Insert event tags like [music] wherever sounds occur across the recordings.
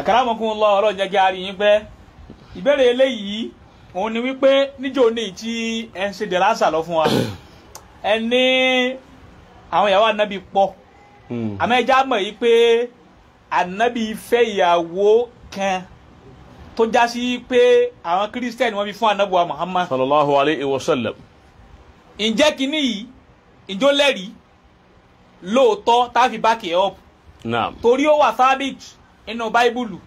àkàràmọ́kún lọ ọ̀rọ̀ jẹ́ kí a rí yín pé ìbéèrè eléyìí òun ni wípé níjó ní tí ẹ ń ṣe dẹ̀rásà lọ fún wa ẹ ní àwọn ìyàwó ànábì pọ̀ hmm. àmọ́ ẹ já mọ̀ yìí pé ànábì fẹ́ ìyàwó kan tó já sí pé àwọn kírísítẹ́nì wọ́n fi fún ànábì wa Muhammad. sallallahu alayhi wa sallam. ǹjẹ́ kínní yìí ìjó lóòótọ́ tá a fi back it up. naam torí ó wà sábìtì inú báíbùlù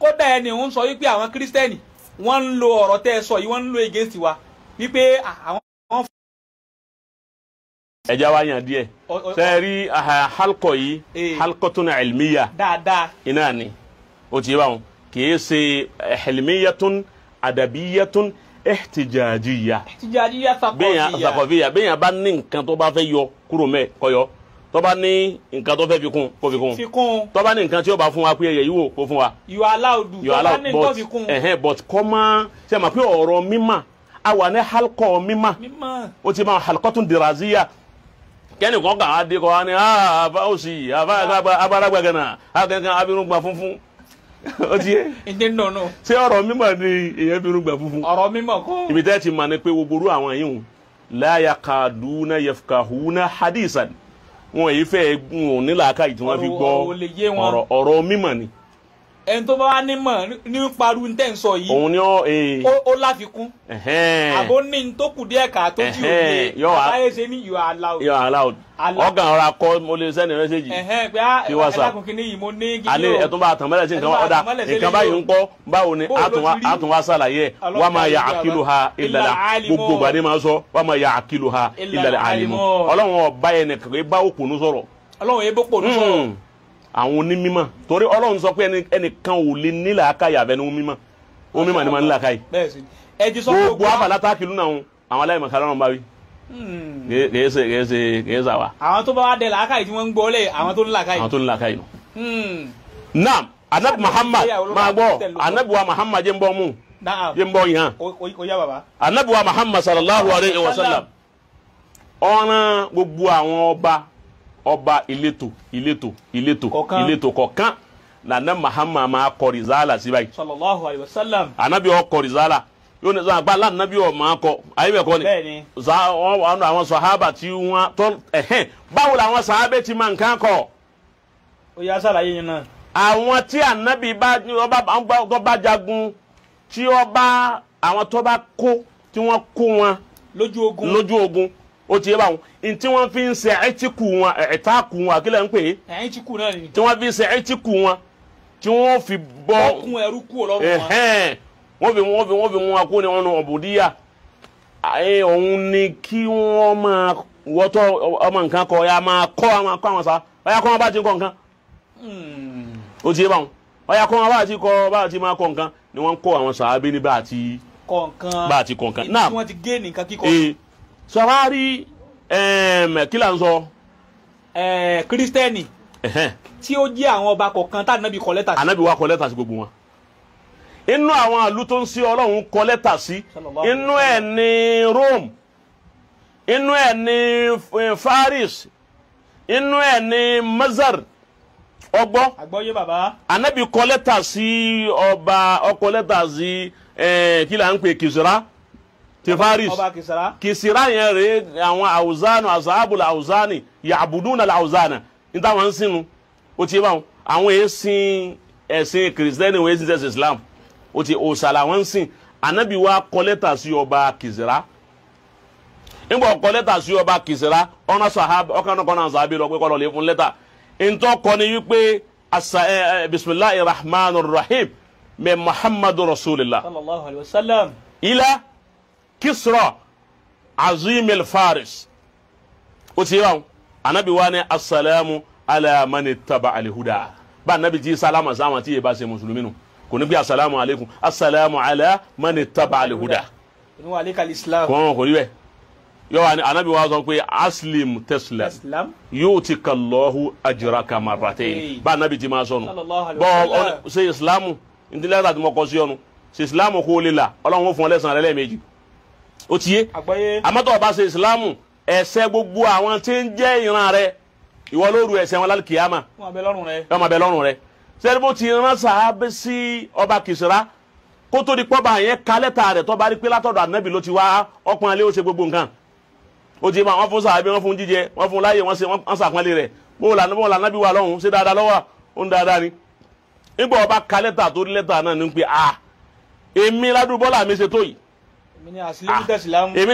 kódà ẹni ń sọ wípé àwọn kírísítẹ́nì wọ́n ń lo ọ̀rọ̀ tẹ́ ẹ sọ yìí wọ́n ń lo against wa wípé àwọn. ẹja wa yàn díẹ̀ ṣe é rí halkọ yìí halkọ tó na ẹlmiya iná ni o ti yẹ báwọn kì í ṣe ẹlmiya tó adabiya tó ẹtìjàjìya bẹ́ẹ̀ yàn sàkọ̀fìyà bẹ́ẹ̀ yàn bá ní nǹkan tó bá fẹ́ yọ kúrò mẹ́ kọ́ yọ tó bá ní nǹkan tó fẹ́ fi kún kó fi kún fi kún tó bá ní nǹkan tí ó bá fún wa pé ẹyẹ yìí kó fún wa. you allowed you allowed but ẹhẹn but kọ́má ṣe mà pé ọ̀rọ̀ mímà a wà ní halkọ mímà ó ti máa halkọ́tún dìrazíyà kẹ́ni kan kàn á dé kọ́ á ní ah, àbá òsì àbá abárágbá gánà àgàngán abirungba funfun [laughs] ó ti yé. ǹjẹ́ nọ̀nù. ṣé ọ̀rọ̀ mímà ni abirun birungba funfun. ọ̀rọ̀ mímà kọ́. ibi tẹ́ ti mà ní pé gbogbo àwọn yìí láyà hadisan wọn èyí fẹ́ gun òun nílàákàyè tí wọ́n fi gbọ́ ọ̀rọ̀ mímọ̀ ni. ẹni tó bá wá ní mọ̀ ní paru ní tẹ̀ yìí òun ni ó eh. ó láfikún àbó ní tó kù díẹ̀ ká tó jí òye àbáyé ṣe ní you are allowed you are ọ̀rọ̀ akọ mo lè sẹ́ni mẹ́sẹ̀gì ah, kí wọ́n sọ ẹ̀tún bá tàn sí nǹkan ọ̀dà nǹkan báyìí ń kọ́ báwo ni àtún wá sàlàyé wà máa yà àkìlù ha ìlàlà gbogbo gbàdé máa sọ wà máa yà àkìlù ha àlìmọ́ ọlọ́run ọba yẹn nìkan sọ̀rọ̀ ọlọ́run bó àwọn onímímọ̀ torí ọlọ́run sọ pé ẹnìkan ò lè ní làákàyè ni máa ń làákàyè gbogbo àbàlátà kìlú náà àwọn aláìmọ̀ kan lọ́rùn bá wí hmm. kìí ṣe kìí ṣe kìí ṣe àwa. àwọn tó bá wá dé làákàyè tí wọ́n ń gbọ́ àwọn tó ń àwọn tó ń nù. Hmm. naam anabi muhammad máa anabi wa muhammad yé ń mú yé ń anabi wa muhammad sallallahu alayhi wa sallam ọ̀ràn ọba ìletò ìletò ìletò ìletò kọ̀ọ̀kan lànà mahama máa kọ rìzálà sí báyìí. sallallahu alayhi wa sallam. anabi ọkọ rìzálà yóò ní sọ àgbà lànàbí ọmọ akọ ayé bẹ̀ kọ́ ni. bẹ́ẹ̀ni. za ọ̀nà àwọn sọ̀hábà tí wọ́n tọ́ ẹ̀hẹ́n báwo làwọn sọ̀hábà ti máa nǹkan kọ. ó yá sàlàyé yẹn náà. àwọn tí anabi bá ọba bá jagun tí ọba àwọn tó bá kó tí wọ́n kó wọn. lójú ogun lójú ogun o ti yé báwọn nti wọ́n fi ń ṣe ẹtíkù wọn ẹtáàkù wọn àkílẹ̀ ń pè é náà ni fi ń ṣe ẹtíkù wọn tí fi bọ́ ọkùn ẹrú kúrò lọ́wọ́ wọn fi wọ́n fi wọ́n fi wọn kó ni wọ́n òun ni kí wọ́n ma wọ́tọ́ nǹkan kọ ya ma kọ́ àwọn akọ́ àwọn sá ọ̀yà ti hmm. nǹkan ni wọn ti ti sọwárí kí là ń sọ. Eh, kírísítẹ́nì tí ó jẹ́ àwọn ọba kọ̀ọ̀kan tá ànábì kọ lẹ́tà sí. ànábì wa kọ lẹ́tà sí gbogbo wọn inú àwọn ìlú tó ń sí ọlọ́run kọ lẹ́tà sí inú ẹ̀ ní Rome inú ẹ̀ ní eh, Faris inú ẹ̀ ní Mazar ọgbọ́ àgbọ́yé kọ lẹ́tà sí ọba ọkọ lẹ́tà sí eh, kí là ń pè kìsìrá tifaris kìsìrà yẹn rèé àwọn àwùzánù àzàbùlà àwùzánì yàbùdúnà làwùzánà níta wọn ń sinu ó ti bá wọn àwọn èsìn ẹ̀sìn kìrìsìtẹ́nì wọn èsìn ẹ̀sìn islam ó ti òsàlà wọn ń sìn anabi wa kọ lẹ́tà sí ọba kìsìrà nígbà ọkọ lẹ́tà sí ọba kìsìrà ọ̀nà sàhábà ọ̀kan ọ̀kan náà sàhábà lọ pé kọ́ lọ lè fún lẹ́tà ntọ́ kọ ni wípé asa ẹ bisimilahi rahman rahim mẹ muhammadu rasulillah. sallallahu alayhi wa sallam kisra azim al-faris o ti yawo anabi wa ni assalamu ala man taba al-huda ba anabi ji salama sama ti ye ba se musliminu kò ní bí assalamu alaikum assalamu ala man taba al-huda kò kò rí bẹ́ẹ̀ yọ wa ni anabi wa sọ pé aslim teslam yóò ti kàlọ́hu ajraka marratayn ba anabi ti ma sọnu bọ́n ṣe islamu ndílẹ́ta tí mo kọ́ sí ọnu ṣe islamu kó o la ọlọ́run ó fún ọ lẹ́sàn-án lẹ́lẹ́mejì ó ti yé àmọ́ tó o bá ṣe ìsìláàmù ẹ̀ṣẹ̀ gbogbo àwọn tí ń jẹ́ ìran rẹ ìwọ ló ru ẹ̀ṣẹ̀ wọn lálùkìyàmà ọmọ abẹ lọ́rùn rẹ sẹ́ni bó ti rán sàábẹ́ sí ọba kìsìrá kó tó di pọ́ba yẹn ka lẹ́tà rẹ̀ tó bá rí pé látọ̀dọ̀ ànábì ló ti wá ọpọ́n alẹ́ ó ṣe gbogbo nǹkan ó ti máa wọ́n fún sàábẹ́ wọ́n fún jíjẹ wọ́n fún láyè wọ́n ṣe wọ́n sàpọ́nlé rẹ̀ bó lànà bó lànà bí wà lọ́hùn ṣe dáadáa lọ́wọ́ ó ń dáadáa ni nígbà ọba ka lẹ́tà tó náà ní pé a ah, èmi ládùúgbọ́lá mi ṣe yìí èmi ni àsìlímù tẹ̀sílámù ah,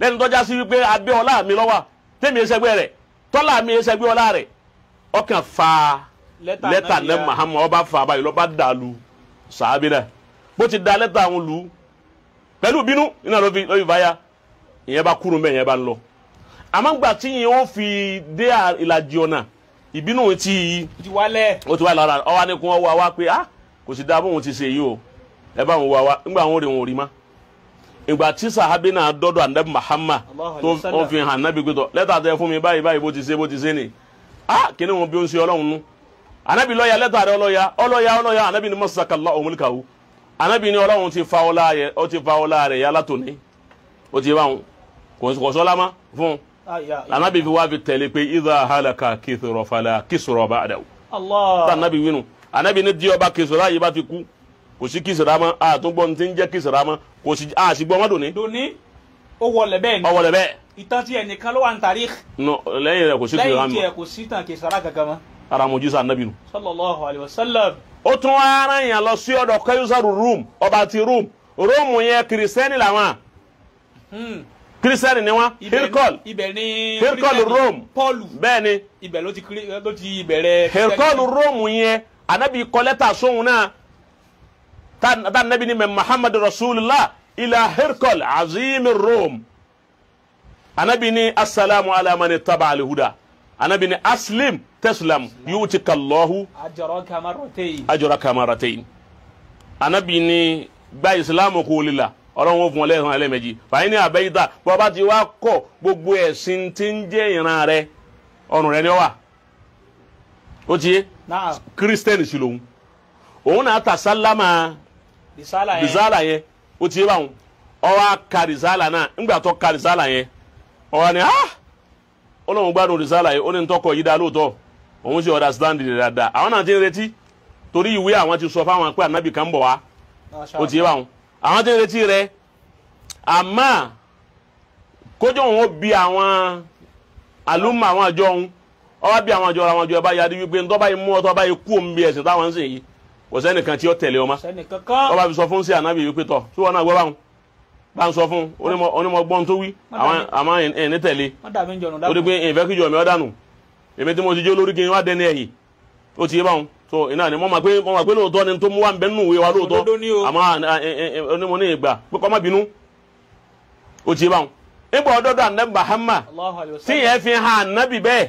lẹ́nu tọ́já sí wípé abẹ́ ọlá mi lọ́wọ́ tẹ́mi ẹsẹ̀gbẹ́ rẹ̀ tọ́lá mi ẹsẹ̀gbẹ́ ọlá rẹ̀ ọkàn fa lẹ́tà náà Muhammad ọba fa abayọ̀ lọ́ba dàlú sàábì náà bó ti da lẹ́tà àwọn lù ú pẹ̀lú bínú iná lọ́fi lọ́fi báyà ìyẹn bá kúrò mẹ́ ìyẹn bá ń lọ àmọ́ gbà tí yẹn ó fi dé ìlàjì ọ̀nà ìbínú ti ó ti wá lára ah, ti ṣe yìí ìgbà tí sahabi náà dọ́dọ̀ anabi Muhammad tó fi hàn anabi gbẹtọ̀ lẹ́tà tẹ fún mi báyìí báyìí bó ti ṣe bó ti ṣe ni ah kíni wọn bí ó ń ṣe ọlọ́run nu anabi lọ́ya lẹ́tà rẹ ọlọ́ya ọlọ́ya ọlọ́ya anabi ni masakala omulikawu anabi ni ọlọ́run ti fa ọlá rẹ ọ ti fa ọlá rẹ yálà tóní ó ti bá wọn kò sọ́lá ma fún un anabi ah, fi wá fi tẹ̀lé pé idha halaka kìsùrọ̀ fàlà kìsùrọ̀ bá àdàwù. Allah anabi winu anabi ni díọ̀ kìsùrọ̀ ayé bá ti kú kò sí kìsìrà mọ́ àtúngbọ́ ní ti ń jẹ́ kìsìrà mọ́ kò sí àṣìgbọ́ mọ́ dòní. dòní ó wọlé bẹ́ẹ̀ ni ó wọlé bẹ́ẹ̀. ìtàn tiẹ̀ nìkan ló wà ní tàrí. lẹ́yìn rẹ̀ kò sí kìsìrà mọ́ lẹ́yìn tiẹ̀ kò sí tàn kìsìrà kankan mọ́. ara anabi nu. sallallahu alayhi wa sallam. ó tún ara yàn lọ sí ọ̀dọ̀ kẹsàrù rome ọba ti rome rome yẹn kìrìsẹ́nì làwọn hmm. kírísítẹ́nì ni wọ́n hirkol hirkol rome bẹ́ẹ̀ ni ibẹ̀ ló ti bẹ̀rẹ̀ hirkol rome yẹn anabi kọ́lẹ́tà sóhun náà tá nabi ni mɛ muhammad rasulillah ila hercule azim rome anabi ni asalaamu ala mani taba alihuda anabi ni aslim teslam yuti kallahu ajora kamaratein anabi ni gba isilamu kò lila ọlọ́run ó fún ọ lẹ́sàn-án ẹlẹ́mẹ̀jì fàyín ní àbẹ́yìdá bọ́ba ti wá kọ́ gbogbo ẹ̀sìn tí ń jẹ́ ìran rẹ ọ̀run rẹ ni ọ wà ó ti yé kírísítẹ́nì sí lòun òun náà ta sálámà rìsálà yẹn ó ti yé báwọn ó wá ka rìsálà náà ńgbà tó ka rìsálà yẹn ó wá ní ah ọlọ́run gbádùn rìsálà yẹn ó ní tọkọ yìí dá lóòótọ́ òun sì rẹ̀ dáadáa àwọn náà ti ń retí torí ìwé àwọn ti sọ fáwọn pé ànábì kan bọ̀ wá ó ti yé báwọn àwọn ti ń retí kójú òun ó bi àwọn àlùmọ̀ àwọn àjọ òun bi àwọn àjọ àwọn àjọ ẹ̀ bá yarí wípé ntọ́ báyìí mú tọ́ báyìí kú òun kò sẹ́nìkan tí ó tẹ̀lé ọmọ ọba fi sọ fún sí ànábì wípé tọ̀ tí wọn náà gbọ́ báwọn bá ń sọ fún onímọ̀ gbọ́n tó wí àmọ́ ẹ̀ ní tẹ̀lé ó dé pé ìfẹ́ mi dànù èmi tí mo ti jẹ́ olórí n so iná ni mo máa pé mo máa pé lóòótọ́ ni tó mú wa wa lóòótọ́ àmọ́ onímọ̀ ní ìgbà pé kọ́ má bínú ti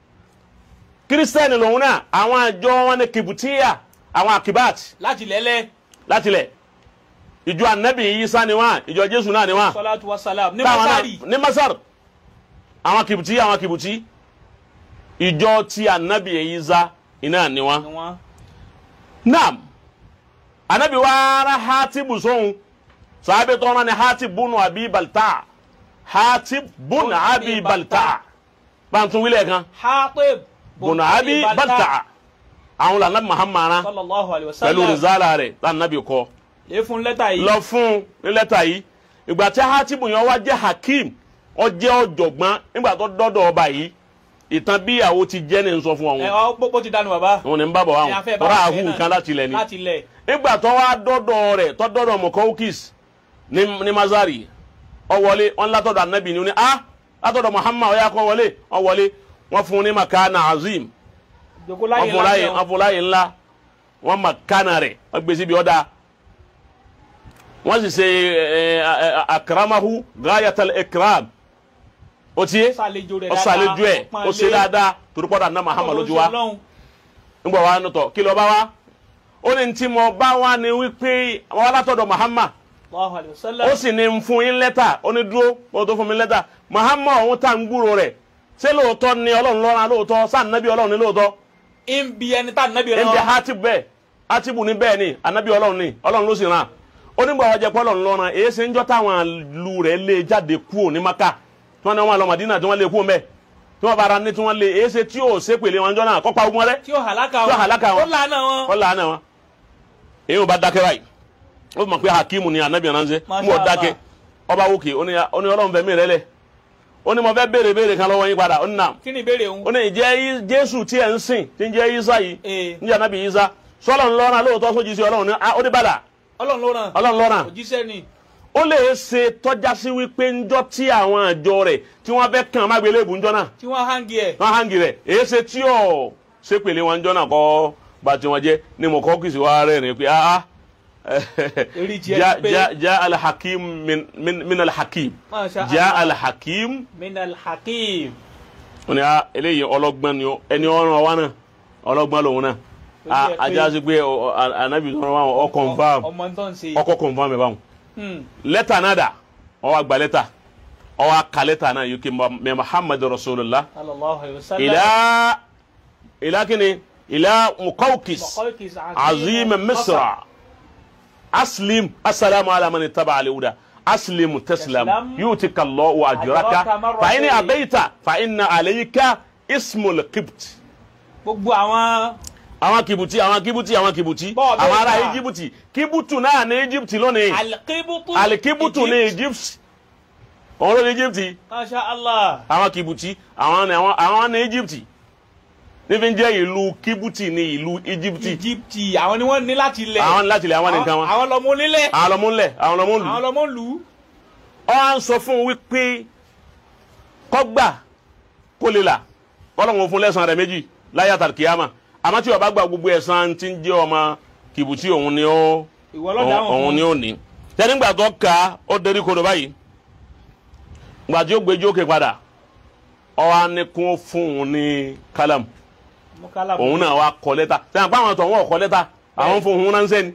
kírísítẹ́nì lòun náà àwọn àjọ wọn ní kìbùtíyà àwọn akibat. láti lẹ́lẹ́. láti lẹ̀ ìjọ anabi Isa ni wọn ìjọ Jésù náà ni wọn. salatu wa salam ní masari. ní masar àwọn kìbùtì àwọn kìbùtì ìjọ ti anabi Isa iná ni wọn. naam anabi wàhálà Hatibu sóhun sàbẹ̀ tọ́nà ni Hatib bunu abi balta Hatib bunu abi balta bàtún wílẹ̀ kan. Hatib. bùnà àbí àwọn là nàbì Muhammad rán pẹ̀lú rìzálà kọ. lọ fún ní lẹ́tà yìí ìgbà tí hakim ọ jẹ́ ọ̀jọ̀gbọ́n nígbà tó ọba yìí ìtàn bí ìyàwó ti jẹ́ ní sọ fún ẹ ọ kpọkpọ ti dànù bàbá. òun ni bá àhùn láti ni. nígbà tó wá tó ní mazari ọ wọlé wọn anabi ni muhammad wọlé ọ wọlé wọ́n fún ní makana azim wọ́n fún láyé ńlá wọ́n makana rẹ̀ wọ́n gbé síbi ọ̀dà wọ́n sì ṣe eh, eh, eh, akramahu gayatal ikram o tiye ọ̀sàlejò ẹ̀ o ṣe dáadáa torípọ́dà náà mahama lójú wa ńgbà wa nùtọ̀ kí lọ́ọ́ bá wa ó ní ntí mo bá wa ni wípé wọn látọ̀dọ̀ mahama ó sì ní fún yín lẹ́tà ó ní dúró ó tó fún mi lẹ́tà mahama òun tá ń gbúrò rẹ̀ ṣé lóòótọ́ ni ọlọ́run lọ́ra lóòótọ́ sáà nábì ọlọ́run ni lóòótọ́. ń bi ẹni tá nábì ọlọ́run. ń bi hati bẹ́ẹ̀ hatibu ni bẹ́ẹ̀ ni ànábì ọlọ́run ni ọlọ́run ló sì rán onígbà wàá jẹ pé ọlọ́run lọ́ra èyí ṣe ń jọ́ táwọn lu rẹ̀ lé jáde kúrò ní maka tí wọ́n ní wọ́n lọ Mádínà tí wọ́n lé kúrò mẹ́ẹ̀ tí wọ́n bára ní tí wọ́n lé èyí ṣe tí yóò ṣe pèlè wọn jọ náà halaka wọn kọ́ làánà wọn èyí ò bá dákẹ́ báyìí ó mọ̀ hakimu ni ànábì ọ̀ránṣẹ́ mú ọ dákẹ́ ọba wókè ó ní ọlọ́run fẹ̀mí ó ní mo fẹ́ béèrè béèrè kan lọ́wọ́ yín padà ó ní nà. kí ni bere òun. ó ní ìjẹ́ jésù tí ẹ̀ ń sìn tí ń jẹ́ isa yìí ní jẹ́ anábì isa sọ́lọ̀ ńlọ́ra lóòótọ́ sójú sí ọlọ́run ní ó ní ọlọ́run òjíṣẹ́ ni. ó lè ṣe tọ́já sí wípé ńjọ́ tí àwọn àjọ rẹ̀ tí wọ́n fẹ́ hangi ẹ̀. wọ́n hangi rẹ̀ ṣe tí [laughs] jaa alhakim min alhakim jaa alhakim min alhakim. wọ́n ní ah, eléyìí ọlọ́gbọ́n ni ẹni ọ̀ràn wa náà ọlọ́gbọ́n lòun náà ajá ah, sí pé anabi sọ̀rọ̀ wa ọ confam ọkọ̀ confam ẹ̀ báwọn. Hmm. lẹ́tà náà dà ọ wá gba lẹ́tà ọ wá ka lẹ́tà náà yókè mẹ́ muhammadu rasulillah ilá ilá kí ni ilá mukawkis azim misra aslim assalamu ala man ittaba al-huda aslim taslam yutika Allahu ajraka fa in abaita fa inna alayka ismul qibt. gbogbo àwọn. àwọn kìbùtì àwọn kìbùtì àwọn kìbùtì àwọn ará íjíbùtì kìbùtù náà ní íjíbùtì lónìí alikibutu ní íjíbùtì òun ló ní íjíbùtì. Masha Allah. àwọn kìbùtì àwọn ní íjíbùtì níbi ń jẹ́ ìlú kíbútì ní ìlú íjíbítì. íjíbítì àwọn ni wọ́n ní láti lẹ̀. àwọn láti lẹ̀ àwọn nìkan wọn. àwọn lọmọ onílẹ̀. àwọn lọmọ onílẹ̀ àwọn lọmọ olù. àwọn lọmọ olù. ọ à ń sọ fún un wípé kọ́gbà kó lè là ọlọ́run fún lẹ́sàn rẹ̀ méjì láyé àtàkìyàmà àmọ́ tí ó gba gbogbo ẹ̀san tí ń jẹ́ ọmọ kìbùtì òun ni ó òun ni ó ní. tẹ́nígbà tó ka ó dérí kodò báyìí gbàdí ó gbẹjọ́ òkè òun náà wá kọ lẹ́tà sẹ́yìn àpá àwọn àtọ̀wọ́n ọ̀kọ́ lẹ́tà àwọn fún òun ránṣẹ́ ni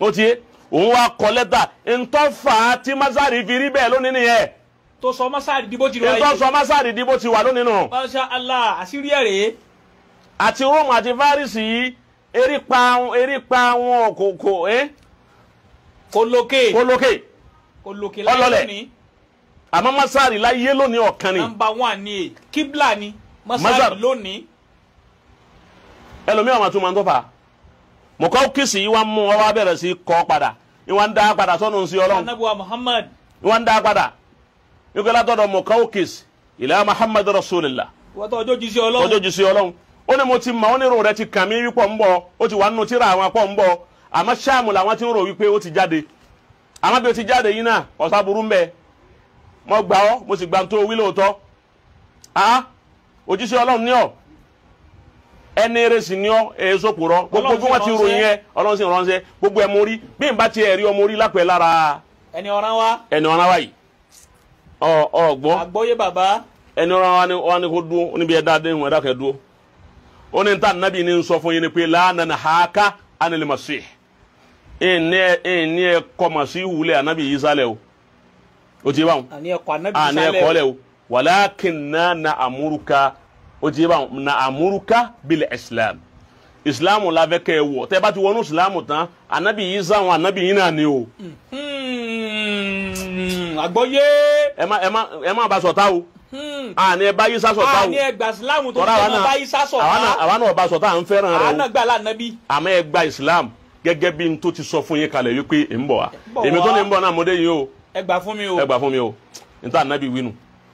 ó ti yé òun wá kọ lẹ́tà ntọ́fà tí masari fi rí bẹ́ẹ̀ lónìí nìyẹn. tó sọ masari dìbò ti wà yìí. tó sọ masari dìbò ti wà lónìí nù. masha allah àṣírí ẹ̀ rèé. àti rome àti paris yìí erípa erípa wọn kò kò ẹ́. kò lókè. kò lókè. kò lókè láyé lónìí. àmọ́ ni. nọ́mbà one ni kibla ni masari lónìí ẹlòmíràn máa tún máa ń tọ́fà mọ̀kọ́ kìsì yìí wá mú ọ wá bẹ̀rẹ̀ sí kọ́ padà ìwà ń dá padà sọ́nù sí ọlọ́run ìwà ń dá padà ìgbẹ́ látọ̀dọ̀ mọ̀kọ́ kìsì ìlà Muhammad rasulillah ọjọ́ jù sí ọlọ́run ó ní mo ti mọ̀ ó ní rò rẹ ti kàn mí wípọ̀ ń bọ̀ ó ti wà nínú tíra àwọn apọ̀ ń bọ̀ àmọ́ ṣáàmù làwọn ti ń rò wípé ó ti jáde àmọ́ bí ó ti jáde yìí náà ọ̀sá burú ń bẹ mo gbà ọ́ mo sì gbà tó wí lóòótọ́ ah òjíṣẹ́ ọlọ́run ní ọ̀ ẹni si ni ọ èso pòrọ gbogbo bí wọn ti ròyìn gbogbo ẹ mo bí n bá tiẹ̀ rí ọmọ orí lápẹ lára. ẹni ọ̀ràn wa. ẹni ọ̀ràn wa yìí ọ ọ gbọ́. bàbá. ẹni ọ̀ràn wa ni wa ni dúró níbi ẹ̀dá ẹ̀dá kẹ́ dúró. ó ní ta nàbì fún yín ni pé haka ẹ ẹ kọ wulẹ̀ yìí sálẹ̀ o o ti bá wọn. sálẹ̀ o ti na amuruka bil islam Islam la fẹ́ kẹ́ ọtọ wọ̀ tẹ́ ti wọnú anabi Isa anabi ni o. Hmm, àgbọ̀yé. ẹ ma ẹ ma ẹ ma ba ta o. àní hmm. ẹ ba isa sá ta o. àní ẹ gba isilamu tó ti ba isa yìí ta sọ̀tá. àwa náà ba o. anabi. gba Islam. gẹ́gẹ́ bi n sọ fún yi wa. Emi mo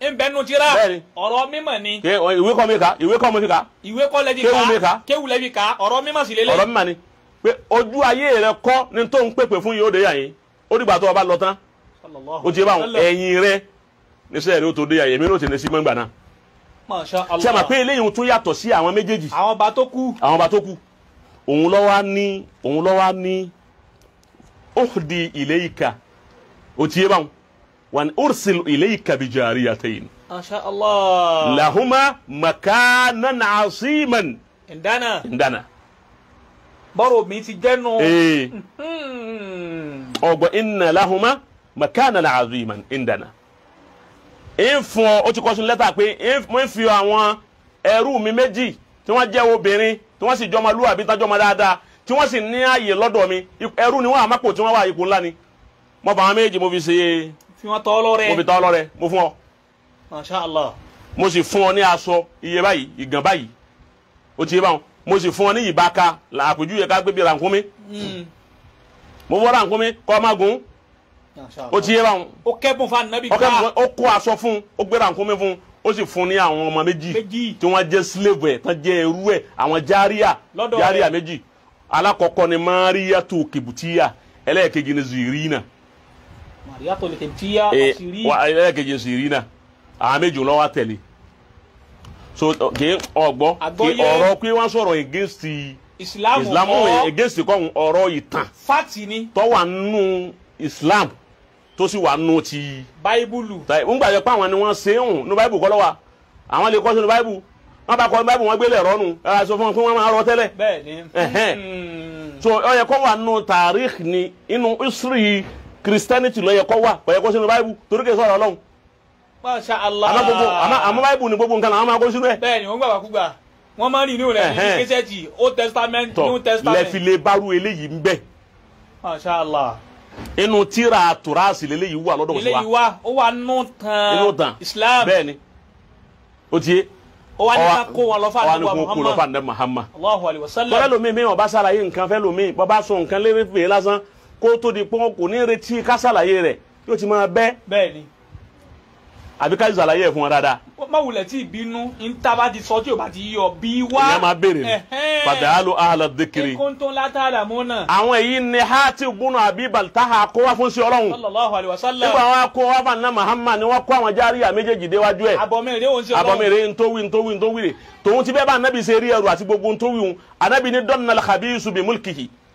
nbẹnu tira ọ̀rọ̀ mímọ́ ni. ke ìwé kọ́ mi ka ìwé kọ́ mi ka. ìwé kọ́ lẹbi ka kéwù mi ka kéwù lẹbi ka ọ̀rọ̀ mímọ́ sì lélẹ̀. ọ̀rọ̀ mímọ́ ni pé ojú ayé rẹ kọ́ ni tó ń pèpè fún yìí ó de yà yín ó dìgbà tó o bá lọ tán o ti bá wọn ẹ̀yìn rẹ níṣẹ́ rẹ tó de yà yín èmi ló ti ní sí mọ́ngbà náà. ṣé ma pé eléyìí tún yàtọ̀ sí àwọn méjèèjì. àwọn ba tó kú. àwọn ba tó kú òun ló wá ní òun ló wá ní ó di ìléyìí ka ó ti báwọn وأن أرسل إليك بجاريتين ما شاء الله لهما مكانا عظيما عندنا عندنا bọ́rọ̀ mi ti jẹ́nu. ọgbọ́n eh. hmm. inna lahuma makanan aziman indana. ń fún ọ ó ti kọ́ sínú lẹ́tà pé mo ń fi àwọn ẹrú mi méjì tí wọ́n jẹ́ obìnrin tí wọ́n sì jọmọ lúwàbí tán jọmọ dáadáa tí wọ́n sì ní ààyè lọ́dọ̀ mi ẹrú ni wọ́n àmọ́pò tí wọ́n wà ipò ńlá ni mo fà wọn méjì mo fi ṣe é fi wọn tọ́ mo fi tọ́ lọ́rẹ́ mo fún ọ. masha allah. mo sì fún ọ ní aṣọ iye báyìí ìgàn báyìí o ti yé báwọn mo sì fún ọ ní ìbáka làpèjúwe ká gbé bi rànkúnmí. Hmm. mo fọ́ rànkúnmí kọ́ ọ má o ti yé báwọn. o kẹ́bùn fún anabi gbà. o kó aṣọ fún o gbé rànkúnmí fún ó sì fún ní àwọn ọmọ méjì tí wọ́n jẹ́ slave ẹ̀ tán jẹ́ ẹrú ẹ̀ àwọn járíà járíà méjì alákọ̀ọ́kọ́ ni máríyàtò kìbùtíyà ẹlẹ́ẹ̀kejì ni zìrínà ẹlẹ́kẹ̀jì sìrínà àwọn méjì lọ́wọ́ tẹ̀lé so kì í ọgbọ́ ọ̀rọ̀ pé wọ́n sọ̀rọ̀ against islam ọ̀rọ̀ eh, against kọ́ ọ̀rọ̀ ìtàn fati ni tó islam tó sì wà nínú ti báíbùlù ń gbàgbé pé àwọn ni wọ́n ṣe ń hùn ní báíbù kọ́ lọ́wọ́ àwọn lè kọ́ sínú báíbù wọ́n bá kọ́ báíbù wọ́n gbélé ẹ̀rọ nu ẹ̀rọ sọ fún wọn pé wọ́n máa rọ tẹ́lẹ̀ hmm. so ó yẹ kó wà nínú tàríkì ni inú isri christianity ló yẹ kó wà kò yẹ kó sínú báyìí torí kì í sọ̀rọ̀ ọlọ́run. masha allah àmọ́ gbogbo àmọ́ báyìí ni gbogbo nǹkan na ama kó sínú ẹ̀. bẹ́ẹ̀ni wọn gbàgbà kúgbà wọn máa ń rìn ní òun ẹni ní kẹsẹtì old testament new testament. lẹfile baru eléyìí ń bẹ. masha allah. inú tira turaasi lélẹyìí wà lọ́dọ̀ mùsùlùmá. eléyìí wà ó wà nù tán. inú tán islam. bẹ́ẹ̀ni o ti ye wa ni ka ko wọn lọfa anabi muhammad. alahu alayhi wa sallam. tọ́lá lomi mi ọba sara yìí nǹkan fẹ́ lomi bàbá sọ nǹkan lérè fèrè lásán kó tó di pé wọn kò ní retí ká ṣàlàyé rẹ̀ yóò ti máa bẹ́. bẹ́ẹ̀ni. àbí ká ṣàlàyé ẹ fún wọn dáadáa. má wulẹ̀ tí ìbínú ń ta bá ti sọ tí o bá ti yọ bí wá. ìyá máa béèrè ni fàdáàlú àhàlà dìkìrì. èkó tó ń látà àdàmú náà. àwọn èyí ni hati gbóná àbí baltaha kó wá fún sí ọlọ́run. sallallahu alaihi wasallam. nígbà wọn kó wá fún aná ni wọn kó àwọn járíyà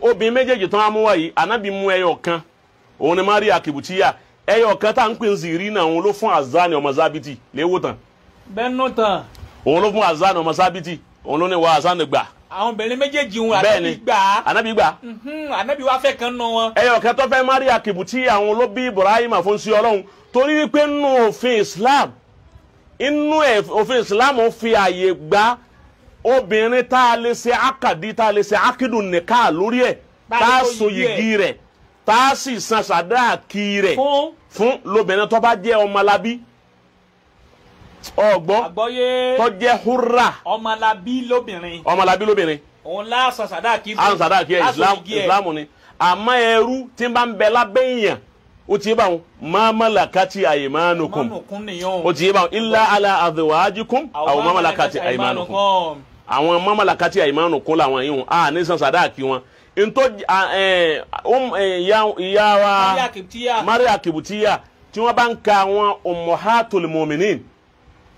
obìnrin méjèèjì tán á yìí anábì mú ẹyọ kan òun ni maria kìbùtíyà ẹyọ kan tá à ń pè ń zìrí náà òun ló fún azani ọmọ zabiti léwó tán. bẹ́ẹ̀nù tán. òun ló fún azani ọmọ zabiti òun ló ní wa azani gbà. àwọn obìnrin méjèèjì anábì gbà. anábì gbà. anábì mhm, fẹ́ kan nù wọn. ẹyọ kan tó fẹ́ òun ló bí ọlọ́run torí wípé nù òfin islam inú obìnrin tá a lè akadi tá a lè ṣe akidu nìka lórí ẹ̀ tá a so yigi rẹ̀ tá a sì san sàdá kí rẹ̀ fún lóbìnrin tó bá jẹ́ ọmọlábí ọgbọ́n tó jẹ́ húrà ọmọlábí lóbìnrin ọmọlábí lóbìnrin òun la san kí ni ẹrú tí n bá ń bẹ o ti yé báwọn mamalakati aymanukum o ti yé àwọn mọ́mọ́lákàtì àìmánu kún làwọn yìí hùn a ní san sàdáàkì wọn ntọ́ um, ìyá wa maria kibutiya tí wọ́n bá ń ka àwọn ummahatul mu'minin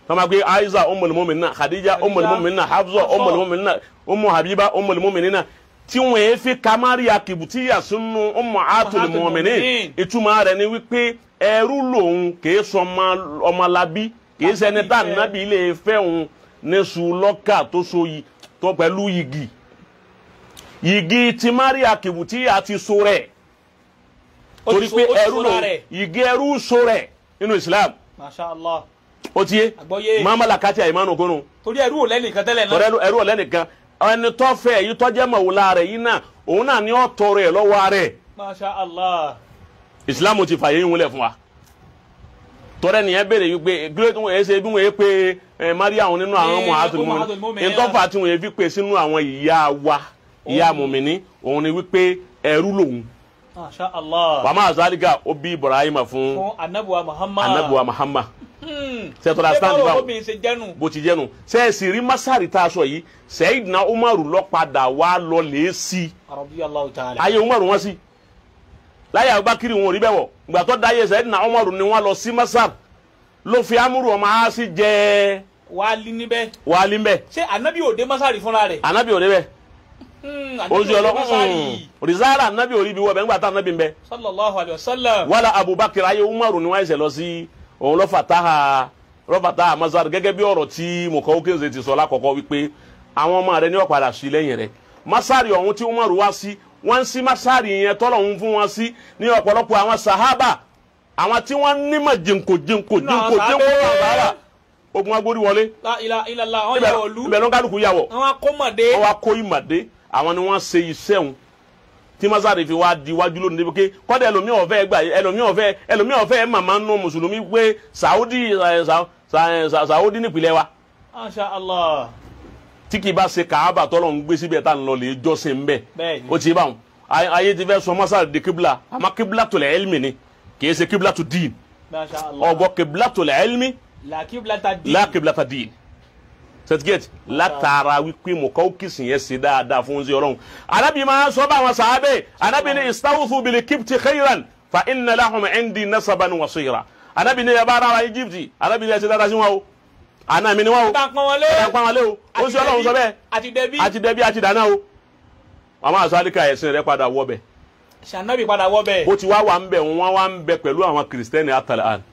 kama gbé aiza ummul mu'minina khadija ummul mu'minina hafsa ummul mu'minina ummu habiba ummul mu'minina tí wọ́n yẹ fi ka maria kibutiya sunu ummahatul mu'minin ìtumọ̀ rẹ̀ ni wípé ẹrú lòun kì í sọ ọmọlábí kì í ṣẹni tá nàbí lè òun n'esu lọ́kà tó so yìí tó pẹ̀lú yìgì yìgì ti Maria Kibuti àti so rẹ̀ torí pé ẹrú lò yìgì ẹrú so rẹ̀ nínú Islam. Masha Allah o ti ye mama lakati kati ayi manu kunu. torí ẹrú ọlẹ́nìkan tẹ́lẹ̀ náà. torí ẹrú ọlẹ́nìkan ẹni tó fẹ́ yìí tó jẹ́ mọ̀wúlá rẹ̀ yìí náà òun náà ni ó tọrọ ẹ̀ lọ́wọ́ rẹ̀. islam ti fàyè ń wulẹ̀ fún wa. tọ́rẹ́ nìyẹn béèrè yìí pé gílódé wọn ẹ wọn ẹ pé ẹ mari àwọn nínú àwọn ọmọ àtúntò mọ́mìnì ntọ́fà tí wọ́n fi pè sínú àwọn ìyá wa ìyá mọ́mìnì òun ni wípé ẹrú lòun. wàmà azalika ó bí ibrahima fún anabuwa muhammad anabuwa muhammad sẹtọdà hmm. stand báwo bó ti jẹnu sẹẹsì rí masari tá a sọ yìí sẹyidina umaru lọ padà wá lọ lè sí ayé umaru wọn sí láyé abubakar wọn ò rí bẹ́ẹ̀ wọ̀ gbàtọ́ dáyé sẹyidina umaru ni wọ́n lọ sí masari ló fi amúrù ọmọ aásí jẹ. wàálí níbẹ̀. wàálí níbẹ̀. ṣé anabi òde masari fúnra rẹ̀. anabi òde bẹ. oṣù ọlọ́kùnrin rìsáàlà anabi òde ibi wọ bẹ́ẹ̀ ńgbà tá anabi bẹ. sallallahu alayhi wa sallam. wala abubakar ayé umaru ni wọ́n ṣe lọ sí òun lọ fataha rọ́bàtà masari gẹ́gẹ́ bí ọ̀rọ̀ tí mọ̀kọ́ kéze ti sọ lákọ̀ọ́kọ́ wípé àwọn ọmọ rẹ̀ ní ọ̀padà sí lẹ́yìn rẹ̀ masari ọ̀hún tí umaru wá sí wọ́n ń sí masari yẹn tọ́lọ̀ ń fún wọn sí ní ọ̀pọ̀lọpọ̀ àwọn sahaba àwọn tí wọ́n nímọ̀ jìnkò jìnkò jìnkò jìnkò bàbára ogun agbórí wọlé ibẹ̀ ló ń kálukú yà wọ̀ wọ́n wá kó ìmàdé àwọn ni wọ́n ṣe iṣẹ́ òun tí masari fi wá di iwájú lónìí débi pé kọ́dà ẹlòmíì ọ̀fẹ́ gbà ẹlòmíì ọ̀fẹ́ ẹlòmíì ọ̀fẹ́ màmá nù mùsùlùmí pé sàódì sàódì nípìnlẹ̀ wa. Masha Allah. tí kì í bá ṣe kàábà tọ́lọ̀ ń gbé síbẹ̀ tá à ń lọ lè jọ́sìn ń bẹ̀ ti bá wọn ayé ti fẹ́ sọ masari di kíbla àmọ́ kíbla tó lẹ̀ ẹ́lmì kìí ṣe kíbla tó dín ọgbọ kíbla tó lẹ́ẹ̀lmi la kíbla tó dín sẹtigẹti látara wípé mọ̀kọ́ kìsìn yẹn ṣe dáadáa fún ṣe ọlọ́run anábì máa ń sọ bá àwọn sàábẹ̀ anábì ní istawufu bil kibti khayran fa inna lahum indi nasaban wa sihra anábì ní yaba ara egypt anábì ní ẹsẹ̀ dáadáa sí wọn o àná mi ni wọn o o ṣe ọlọ́run sọ bẹ́ẹ̀ àti dẹbi àti dàná o àwọn àṣọ àdìkà ẹ̀sìn rẹ padà wọ ṣànàbì padà wọ bẹ́ẹ̀. ó ti wá wà ń bẹ̀ wọ́n wá ń bẹ pẹ̀lú àwọn kìrìsìtẹ́nì àtàlẹ́ àná.